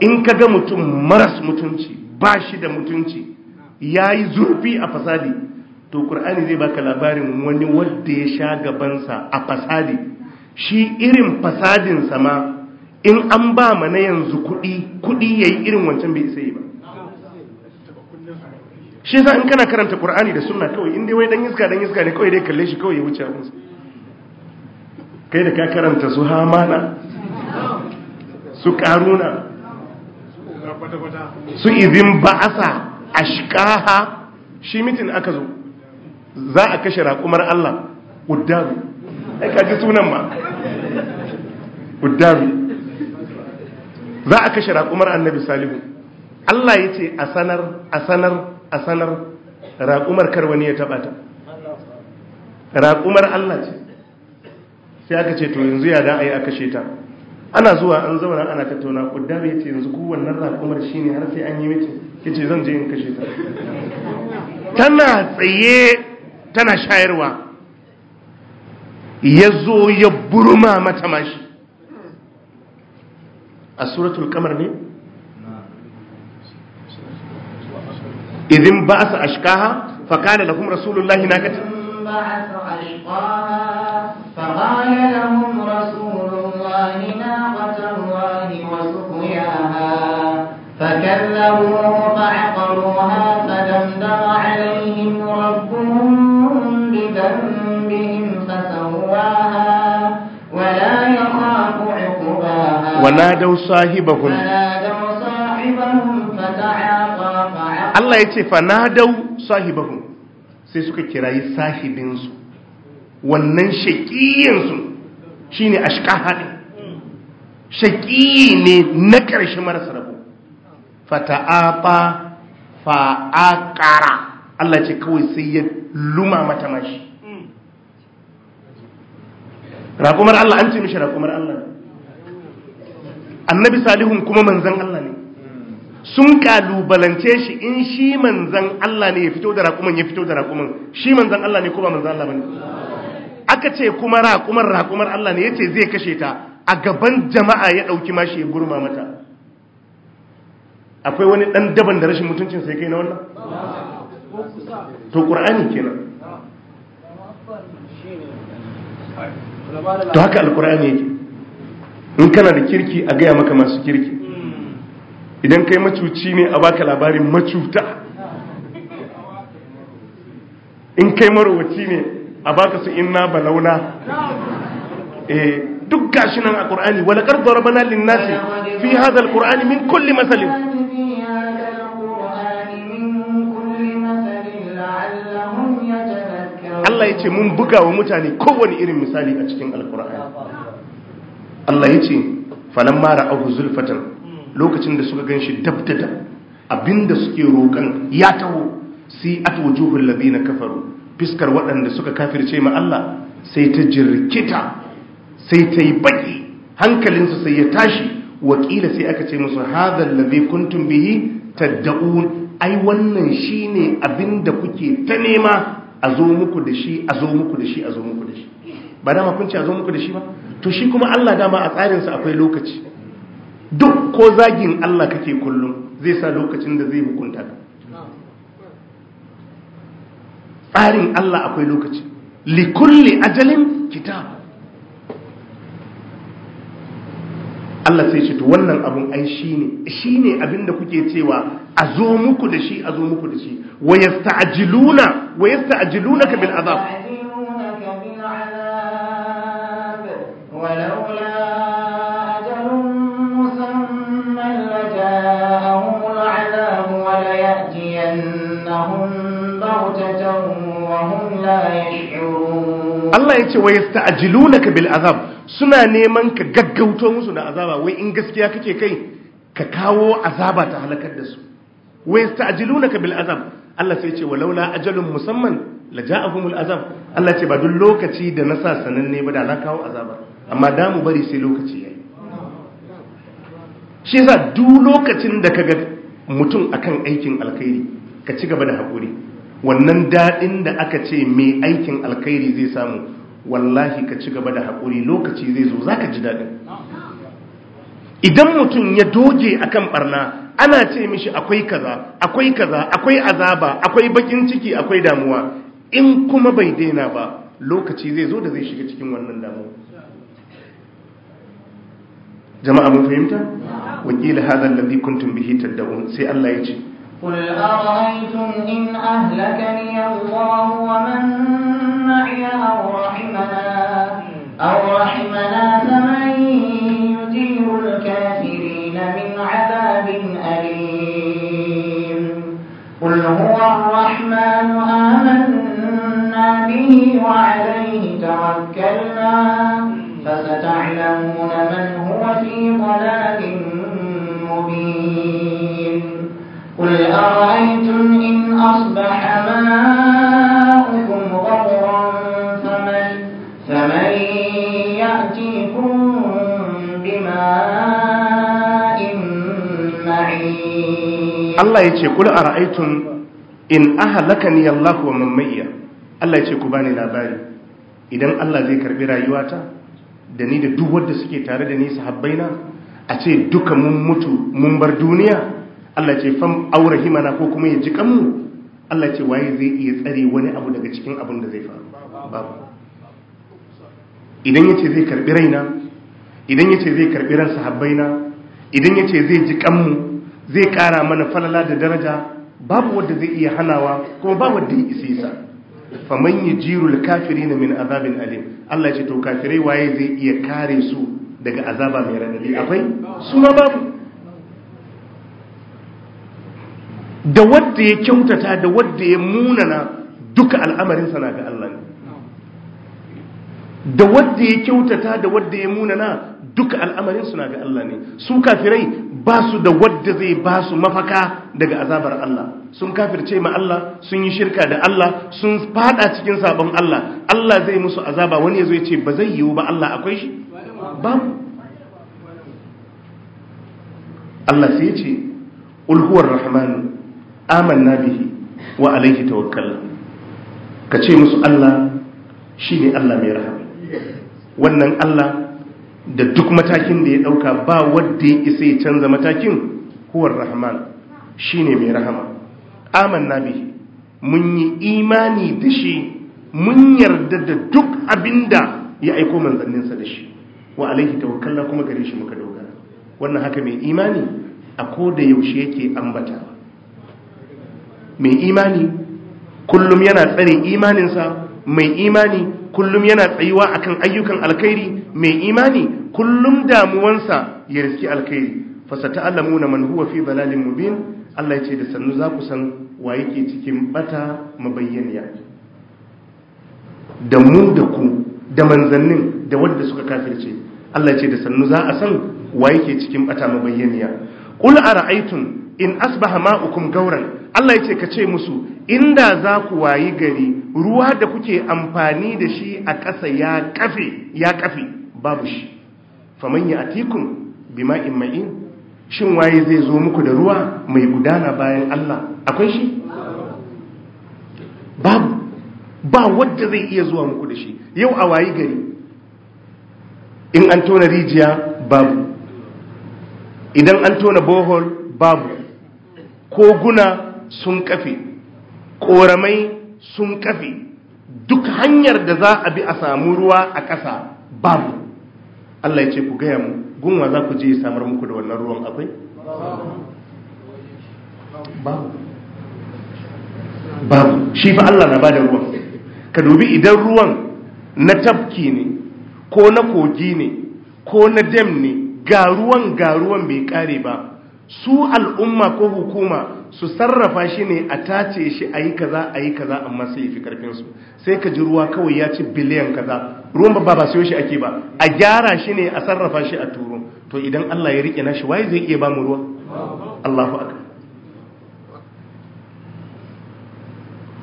in ka ga mutum maras mutunci ba shi da mutunci ya yi zurfi a fasadi to ƙur'ani zai baka labarin wani wadda ya sha gabansa a fasadi shi irin fasadinsa ma in an ba ma na yanzu kuɗi kuɗi ya yi irin wancan bai isa yi ba shi sa in kana karanta ƙur'ani da suna kawai inda wai dan iska dan iska ne kawai dai kalle shi kawai ya wuce abinsa kai da ka karanta su hamana su karuna su izin ba'asa a ashkaha shi mitin aka zo za a kashe raƙumar Allah uddaru ai ka ji sunan ma uddaru za a kashe raƙumar annabi salihu Allah ya ce a sanar a sanar a sanar raƙumar kar wani ya taɓa ta raƙumar Allah ce sai aka ce to yanzu ya da a yi a kashe ta ana zuwa an zauna ana tattauna ƙudda ya ce yanzu kowannan raƙumar shi ne har sai an yi mace ya ce zan je in kashe ta tana tsaye tana shayarwa ya zo ya burma mata mashi السورة الكمر مين نعم. إذ انبعث أشكاها فقال لهم رسول الله ناكت فقال لهم رسول الله ناقة الله وسقياها فكذبوا فعقروها فدمدم عليهم ربهم فنادوا صاحبهم Allah ya ce fanadau sahibahum sai suka kirayi sahibinsu wannan shaƙiyinsu shi ne ashkaha ɗin shaƙiyi ne na ƙarshe marasa rabu fata'afa fa'aƙara Allah ce kawai sai ya luma mata mashi raƙumar Allah an ce mishi raƙumar Allah annabi salihun kuma manzan Allah ne sun kalubalance shi in shi manzan Allah ne ya fito da raƙuman ya fito da raƙuman shi manzan Allah ne kuma manzan Allah ne aka ce kuma raƙuman raƙuman Allah ne ya ce zai kashe ta a gaban jama'a ya ɗauki mashi ya gurma mata akwai wani ɗan daban da rashin mutuncin sai kai na wannan to ƙur'ani kenan to haka alqur'ani yake in kana da kirki a gaya maka masu kirki hmm. idan kai macuci ne a baka labarin macuta in kai marowaci ne a baka su inna balauna launa? Eh, duk gashi nan a ƙur'ani wala kar darabana lin nasi fi hadha alqur'ani min kulli masalin Allah ya ce mun buga wa mutane kowane irin misali a cikin alkur'ani Allah ya ce falon mara abu zulfatar lokacin da suka gan shi dab da dab abinda suke roƙon ya taho si at wujuhul ladina kafaru fiskar waɗanda suka kafirce ma Allah sai ta jirkita sai ta yi hankalinsu sai ya tashi wakila sai aka ce musu hadha alladhi kuntum bihi tad'un ai wannan shine abinda kuke ta nema a zo muku da shi a zo muku da shi a zo muku da shi ba dama kun ce a zo muku da shi ba to shi kuma Allah dama a tsarinsa akwai lokaci duk ko zagin Allah kake kullum zai sa lokacin da zai hukunta ka tsarin Allah akwai lokaci likulli ajalin kitab Allah sai ce to wannan abun ai shine shine abin da kuke cewa a zo muku da shi a zo muku da shi wa yasta'jiluna wa yasta'jilunaka bil azab وَلَوْلَا أَجَلٌ مُّسَمًّى لَّجَاءَهُمُ الْعَذَابُ وَلَيَأْتِيَنَّهُم بَغْتَةً وَهُمْ لَا يَشْعُرُونَ Allah ya ce wa yasta'jilunaka kabil azab suna neman ka gaggauto musu da azaba wai in gaskiya kake kai ka kawo azaba ta halakar da su wa na bil azab Allah sai ce walaula ajalun musamman la ja'ahumul azab Allah ce ba duk lokaci da na sa sananne ba da na kawo azaba amma da mu bari sai lokaci ya yi, shi yasa duk lokacin da ka ga mutum akan aikin alkhairi ka ci gaba da hakuri wannan daɗin da aka ce mai aikin alkhairi zai samu wallahi ka ci gaba da hakuri lokaci zai zo za ka ji daɗin, idan mutum ya doge akan ɓarna, ana ce mishi akwai kaza akwai kaza akwai azaba akwai bakin ciki akwai damuwa in kuma bai daina ba lokaci zai zo da zai shiga cikin wannan damuwa جماعة mun fahimta wakila hadha alladhi kuntum bihi tad'un sai Allah ya قل أرأيتم إن أهلكني الله ومن معي أو رحمنا أو رحمنا فمن يجير الكافرين من عذاب أليم قل هو الرحمن آمنا به وعليه توكلنا فستعلمون من وفي في ضلال مبين قل أرأيتم إن أصبح ماؤكم غورا فمن, فمن يأتيكم بماء معين الله يتي قل أرأيتم in ahalakani Allah wa mamayya Allah ya ce ku bani labari idan Allah zai karbi rayuwata da ni da duk wanda suke tare da ni sahabbaina a ce duka mun mutu mun bar duniya Allah ce fam himana ko kuma ya ji kanmu Allah ce waye zai iya tsare wani abu daga cikin abin da zai faru babu idan yace zai karbi raina idan yace zai karbi ran sahabbaina idan yace zai ji mu, zai kara mana falala da daraja babu wanda zai iya hanawa kuma ba wanda ya isa faman kafiri kafirina min azabin alim Allah ya ce to kafirai waye zai iya kare su daga azaba mai radadi akwai su ma babu da wadda ya kyautata da wadda ya munana duka al'amarin sana ga Allah da wadda ya kyautata da wadda ya munana duka al'amarin suna ga Allah ne su kafirai ba su da wadda zai ba su mafaka daga azabar Allah sun kafirce ma Allah sun yi shirka da Allah sun fada cikin sabon Allah Allah zai musu azaba wani ya zo ya ce ba zai yiwu ba Allah akwai shi babu Allah sai ya ce ulhuwar rahmanu amanna bihi wa alaihi tawakkal ka ce musu Allah shi ne Allah mai rahama wannan Allah da duk matakin da ya ɗauka ba wadda ya isa ya canza matakin huwar rahman shi ne mai rahama amanna bihi mun yi imani da shi mun yarda da duk abinda ya aiko manzanninsa da shi wa alaihi tawakkalna kuma gare shi muka dogara wannan haka mai imani a ko da yaushe yake ambata mai imani kullum yana tsare imaninsa mai imani kullum yana tsayuwa akan ayyukan alkhairi mai imani kullum damuwansa ya riski alkhairi ta'allamu na man huwa fi dalalin mubin Allah ya ce da sannu za ku san wa yake cikin bata mabayyaniya da mu da ku da manzannin da wadda suka kafirce Allah ya ce da sannu za a san wa yake cikin bata mabayyaniya qul ara'aytum in asbaha ma'ukum gauran Allah ya ce ka ce musu inda za ku wayi gari ruwa da kuke amfani da shi a ƙasa ya ƙafe ya kafe babu shi faman ya atikum bima imma'in shin waye zai zo muku da ruwa mai gudana bayan Allah akwai shi babu ba wadda zai iya zuwa muku da shi yau a wayi gari in an tona rijiya babu idan an tona bohol babu koguna sun kafe ƙoramai sun kafe duk hanyar da za a bi a samu ruwa a ƙasa babu Allah ya ce ku gaya mu gunwa za ku je samar muku da wannan ruwan akwai? babu babu shi fa Allah na bada ruwan ka dubi idan ruwan na tabki ne ko na kogi ne ko na dam ne ga ruwan ga ruwan bai kare ba su al'umma ko hukuma su sarrafa shi ne a tace shi a yi kaza a yi kaza amma sai fi karfinsu sai ka ji ruwa kawai ya ci biliyan kaza ruwan ba ba siyo shi ake ba a gyara shi ne a sarrafa shi a turo to idan Allah ya rike nashi waye zai iya ba mu ruwa Allahu akbar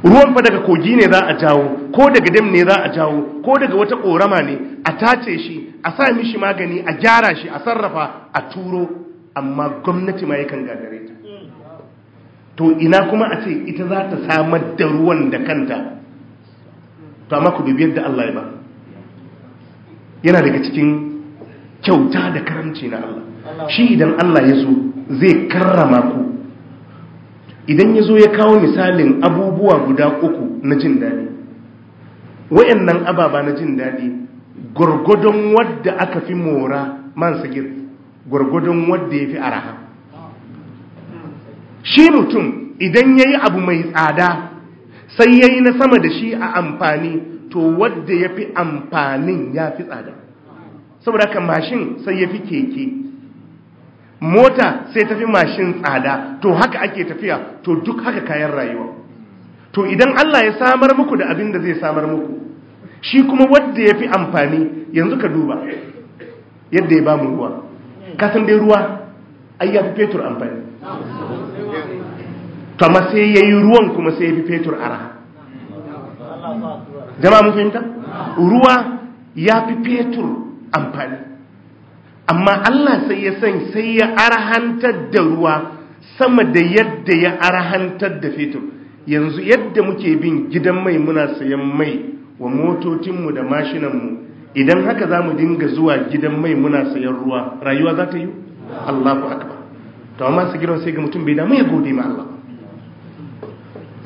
ruwan fa daga kogi ne za a jawo ko daga dam ne za a jawo ko daga wata ƙorama ne a tace shi a sa mishi magani a gyara shi a sarrafa a turo amma gwamnati ma yakan gagare to ina kuma a ce ita za ta samar da ruwan da kanta to amma ku dubi yadda Allah ya ba yana daga cikin kyauta da karamci na Allah shi idan Allah ya zo zai karrama ku idan ya zo ya kawo misalin abubuwa guda uku na jin daɗi wayannan ababa na jin daɗi gwargwadon wadda aka fi mora man sagir gwargwadon wadda ya fi araha shi mutum idan ya yi abu mai tsada sai ya na sama da shi a amfani to wadda ya fi amfanin ya fi tsada saboda haka mashin sai ya fi keke mota sai tafi mashin tsada to haka ake tafiya to duk haka kayan rayuwa to idan Allah ya samar muku da abin da zai samar muku shi kuma wadda ya fi amfani yanzu ka duba yadda ya ba mu ruwa kasan dai ruwa ayyafi fetur amfani kama sai ya yi ruwan kuma sai ya fi fetur araha jama'a mun fahimta ruwa ya fi fetur amfani amma Allah sai ya san sai ya arahantar da ruwa sama da yadda ya arahantar da fetur yanzu yadda muke bin gidan mai muna sayan mai wa motocinmu da mashinanmu idan haka za mu dinga zuwa gidan mai muna sayan ruwa rayuwa za ta yi Allahu ba ta amma su gidan sai ga mutum bai damu ya gode ma Allah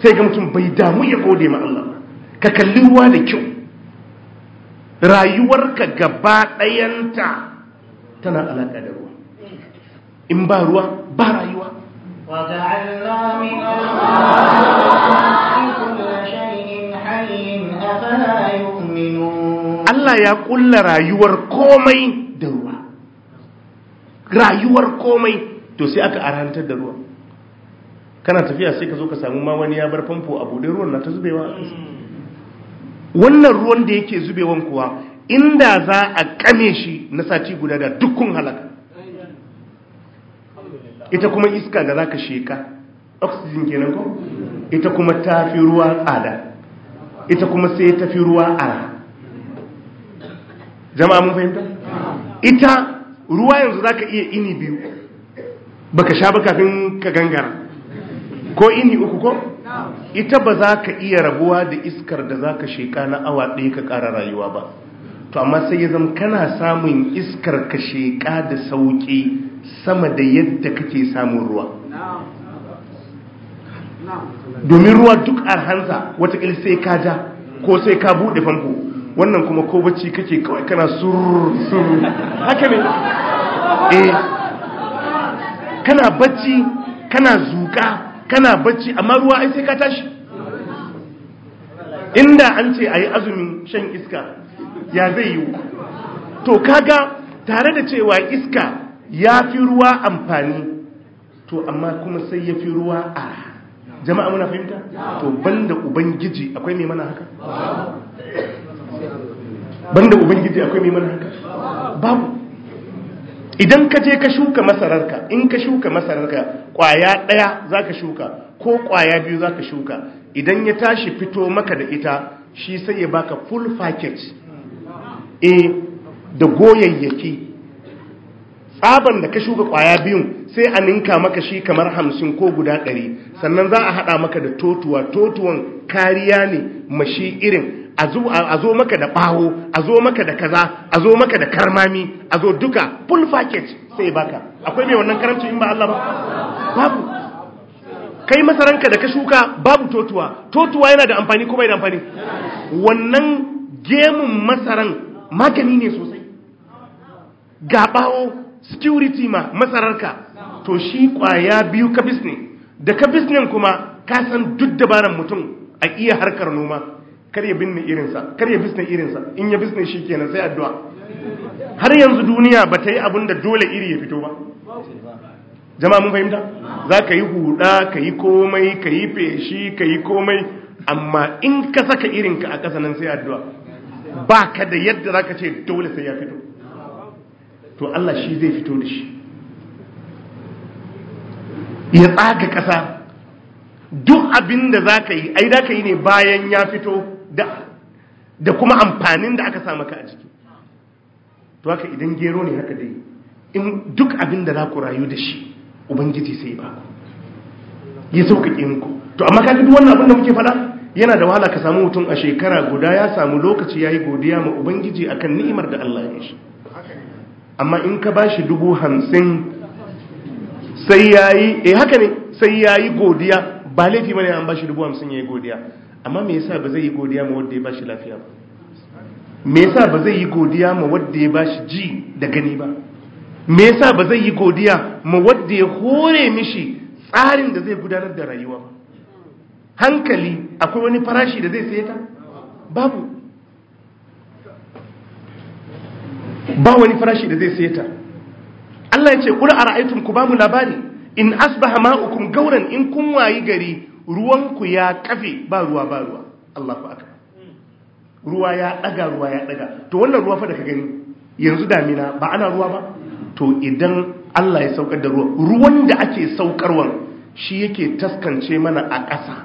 sai ga mutum bai damu ya gode ma Allah ka kalli ruwa da kyau rayuwarka gaba ɗayanta tana alaƙa da ruwa in ba ruwa ba rayuwa Allah ya ƙulla rayuwar komai da ruwa rayuwar komai to sai aka arantar da ruwa kana tafiya sai ka zo ka samu ma wani ya bar famfo a buɗe ruwan na ta zubewa a mm. wannan ruwan da yake zubewan kuwa inda za a kame shi na sati guda da dukkan halaka ita kuma iska da za ka sheka oxygen kenan ko ita kuma ta fi ruwa tsada ita kuma sai ta fi ruwa ara jama'a mun fahimta ita ruwa yanzu za ka iya ini biyu baka sha ba kafin ka gangara ko ini uku ko ita ba za ka iya rabuwa da iskar da za ka sheka na awa ɗaya ka ƙara rayuwa ba to amma sai ya zama kana samun iskar ka sheka da sauƙi sama da yadda kake samun ruwa domin ruwa duk arhansa watakila sai ka ja ko sai ka buɗe famfo wannan kuma ko bacci kake kawai kana surur haka ne eh kana bacci kana zuƙa kana bacci amma ruwa ai sai ka tashi inda an ce ayi azumin shan iska ya zai yi to kaga tare da cewa iska ya fi ruwa amfani to amma kuma sai ya fi ruwa a jama'a muna fahimta to banda ubangiji akwai mai mana haka banda ubangiji akwai mai mana haka babu idan ka je ka shuka masararka in ka shuka masararka kwaya ɗaya za ka shuka ko kwaya biyu za ka shuka idan ya tashi fito maka da ita shi sai ya baka full package e da goyayyaki tsaban da ka shuka kwaya biyun sai a ninka maka shi kamar hamsin ko guda ɗari sannan za a haɗa maka da totuwa totuwan kariya ne mashi irin a zo maka da ɓaho a zo maka da kaza a zo maka da karmami a zo duka full package sai baka akwai mai wannan karamci in ba Allah ba babu kai masaranka da ka shuka babu totuwa totuwa yana da amfani kuma yana da amfani wannan gemun masaran magani ne sosai ga ɓaho security ma masararka to shi kwaya biyu ka bisne, da ka bisnen kuma ka san duk dabaran mutum a iya harkar noma kar ya binne irinsa kar ya bisne irinsa in ya bisne shi kenan sai addu'a har yanzu duniya ba ta yi abin da dole iri ya fito ba jama'a mun fahimta za ka yi huda ka yi komai ka yi feshi ka yi komai amma in ka saka irinka a ƙasa nan sai addu'a ba ka da yadda za ka ce dole sai ya fito to Allah shi zai fito da shi ya tsaga ƙasa duk abin da za ka yi ai da ka yi ne bayan ya fito da kuma amfanin da aka sa maka a ciki to haka idan gero ne haka dai in duk abin da za ku rayu da shi ubangiji sai ba ya sauƙaƙe muku to amma kaji duk wannan abin da muke faɗa yana da wahala ka samu mutum a shekara guda ya samu lokaci ya yi godiya ma ubangiji akan ni'imar da Allah ya shi amma in ka ba dubu hamsin sai ya yi eh haka ne sai ya yi godiya ba laifi ne an ba shi dubu hamsin ya yi godiya amma me yasa ba zai yi godiya ma wanda ya bashi lafiya ba me yasa ba zai yi godiya ma wanda ya bashi ji da gani ba me yasa ba zai yi godiya ma wanda ya hore mishi tsarin da zai gudanar da rayuwa ba hankali akwai wani farashi da zai saye ta babu ba wani farashi da zai saye ta Allah ya ce qul ara'aytum ku bamu labari in asbaha ma'ukum gauran in kun wayi gari ruwanku ya kafe ba ruwa ba ruwa Allah ku aka ruwa ya daga ruwa ya daga to wannan ruwa fa da ka gani yanzu damina ba ana ruwa ba to idan Allah ya saukar da ruwa ruwan da ake saukarwan shi yake taskance mana a ƙasa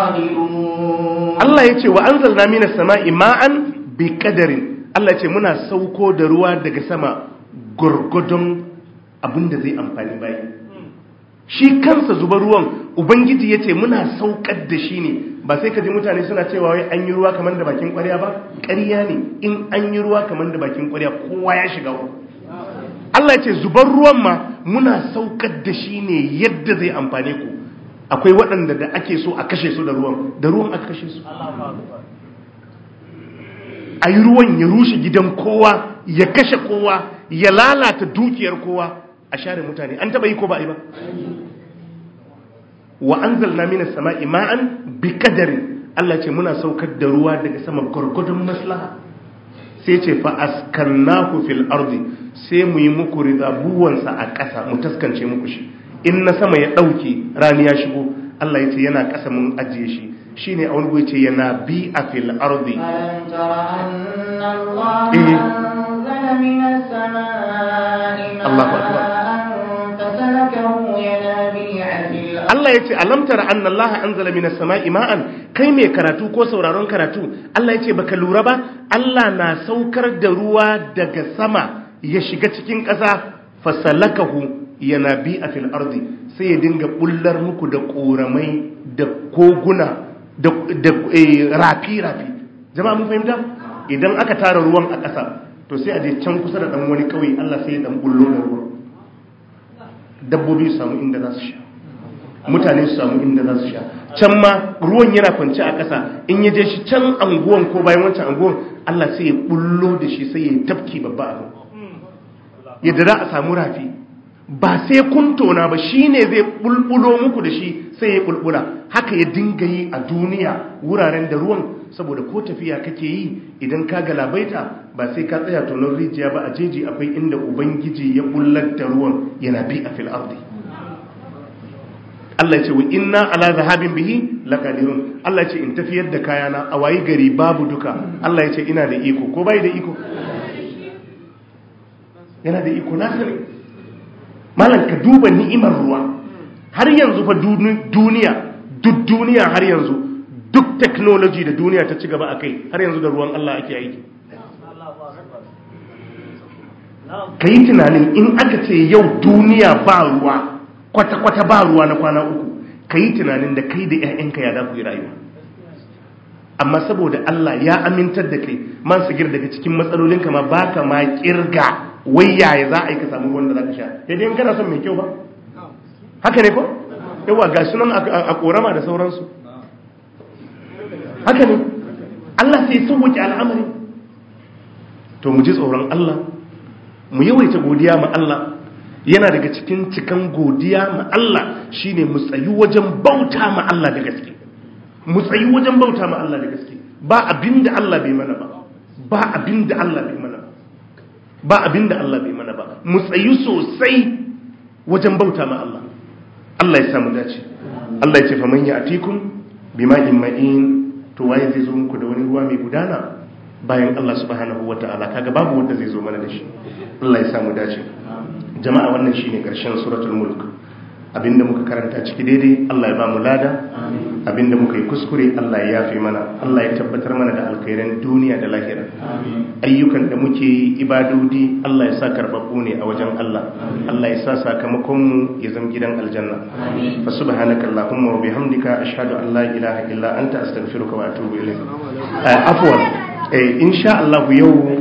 Allah ya ce mina الله يتي وأنزلنا bi kadarin. Allah ce muna sauko da ruwa daga sama سما abin abinda zai amfani bayi shi kansa zuba ruwan ubangiji ya ce muna saukar da shi ne ba sai ka ji mutane suna cewa wai an yi ruwa kamar da bakin kwarya ba ƙarya ne in an yi ruwa kamar da bakin kwarya kowa ya shiga wa? Allah ya ce zubar ruwan ma muna saukar da shi ne yadda zai amfane ku akwai waɗanda da ake so a kashe su da ruwan da ruwan aka kashe su a yi ruwan ya rushe gidan kowa ya kashe kowa ya lalata dukiyar kowa a share mutane an taɓa yi ko ba a yi ba wa an zalna mina sama'i ma'an bi kadari Allah ce muna saukar da ruwa daga sama gwargwadon maslaha sai ce fa ku fil ardi sai mu yi muku rizabuwansa a ƙasa mu taskance muku shi in na sama ya ɗauke rani ya shigo Allah ya ce yana ƙasa mun ajiye shi shi ne a wani gwace yana bi a fil ardi eh. Allah ya ce alamtara an Allah an zala minas sama'i ma'an kai mai karatu ko sauraron karatu Allah ya ce baka lura ba Allah na saukar da ruwa daga sama ya shiga cikin ƙasa fasalakahu yana bi a fil ardi sai ya dinga bullar muku da koramai da koguna da eh, rafi rafi jama'a mun fahimta idan aka tara ruwan a ƙasa to sai a je can kusa da ɗan wani kawai Allah sai ya ɗan bullo da ruwan dabbobi su samu inda za su sha mutane su samu inda za su sha can ma ruwan yana kwanci a ƙasa in ya je shi can anguwan ko bayan wancan anguwan Allah sai ya bullo da shi sai ya tafki babba abu yadda za a samu rafi ba sai kun tona ba shi ne zai bulbulo muku da shi sai ya bulbula haka ya dinga yi a duniya wuraren da ruwan saboda ko tafiya kake yi idan ka galabaita ba sai ka tsaya tonon rijiya ba a jeji akwai inda ubangiji ya bullar da ruwan yana bi a fil'ardi Allah ya ce wa inna ala zahabin bihi laqadirun Allah ya ce in tafiyar da kayana a wayi gari babu duka Allah ya ce ina da iko ko bai da iko yana da iko na sani malam ka duba ni'imar ruwa har yanzu fa duniya duk duniya har yanzu duk technology da duniya ta ci gaba a kai har yanzu da ruwan Allah ake aiki ka yi tunanin in aka ce yau duniya ba ruwa kwata-kwata ba ruwa na kwana uku ka yi tunanin da kai da 'ya'yanka ya daku rayuwa amma saboda Allah ya amintar da kai man sigir daga cikin matsalolinka ma ba ka ma kirga wai yaya za a yi ka samu wanda za ka sha sai dai in kana son mai kyau ba haka ne ko yawa ga sunan a korama da sauransu haka ne Allah sai wuce al'amari to mu ji tsoron Allah mu yawaita godiya ma Allah yana daga cikin cikan godiya ma Allah shine mu tsayi wajen bauta ma Allah da gaske mu wajen bauta ma Allah da gaske ba abinda Allah bai mana ba ba abinda Allah bai mana ba abin da Allah bai mana ba mu tsayu sosai wajen bauta ma Allah Allah ya samu dace Allah ya ce faman ya atikum bima ma'in to waye zai zo muku da wani ruwa mai gudana bayan Allah subhanahu wata'ala kaga babu wanda zai zo mana da shi Allah ya samu dace jama'a wannan shine karshen suratul mulk abinda muka karanta ciki daidai Allah ya ba mu lada abinda muka yi kuskure Allah ya yafe mana Allah ya tabbatar mana da alkhairan duniya da lahira ayyukan da muke yi ibadodi Allah ya sa karbabu ne a wajen Allah Allah ya sa sakamakon mu ya zama gidan aljanna fa subhanaka allahumma wa bihamdika ashhadu an la ilaha illa anta astaghfiruka wa atubu ilayk eh, afwan eh insha Allah yau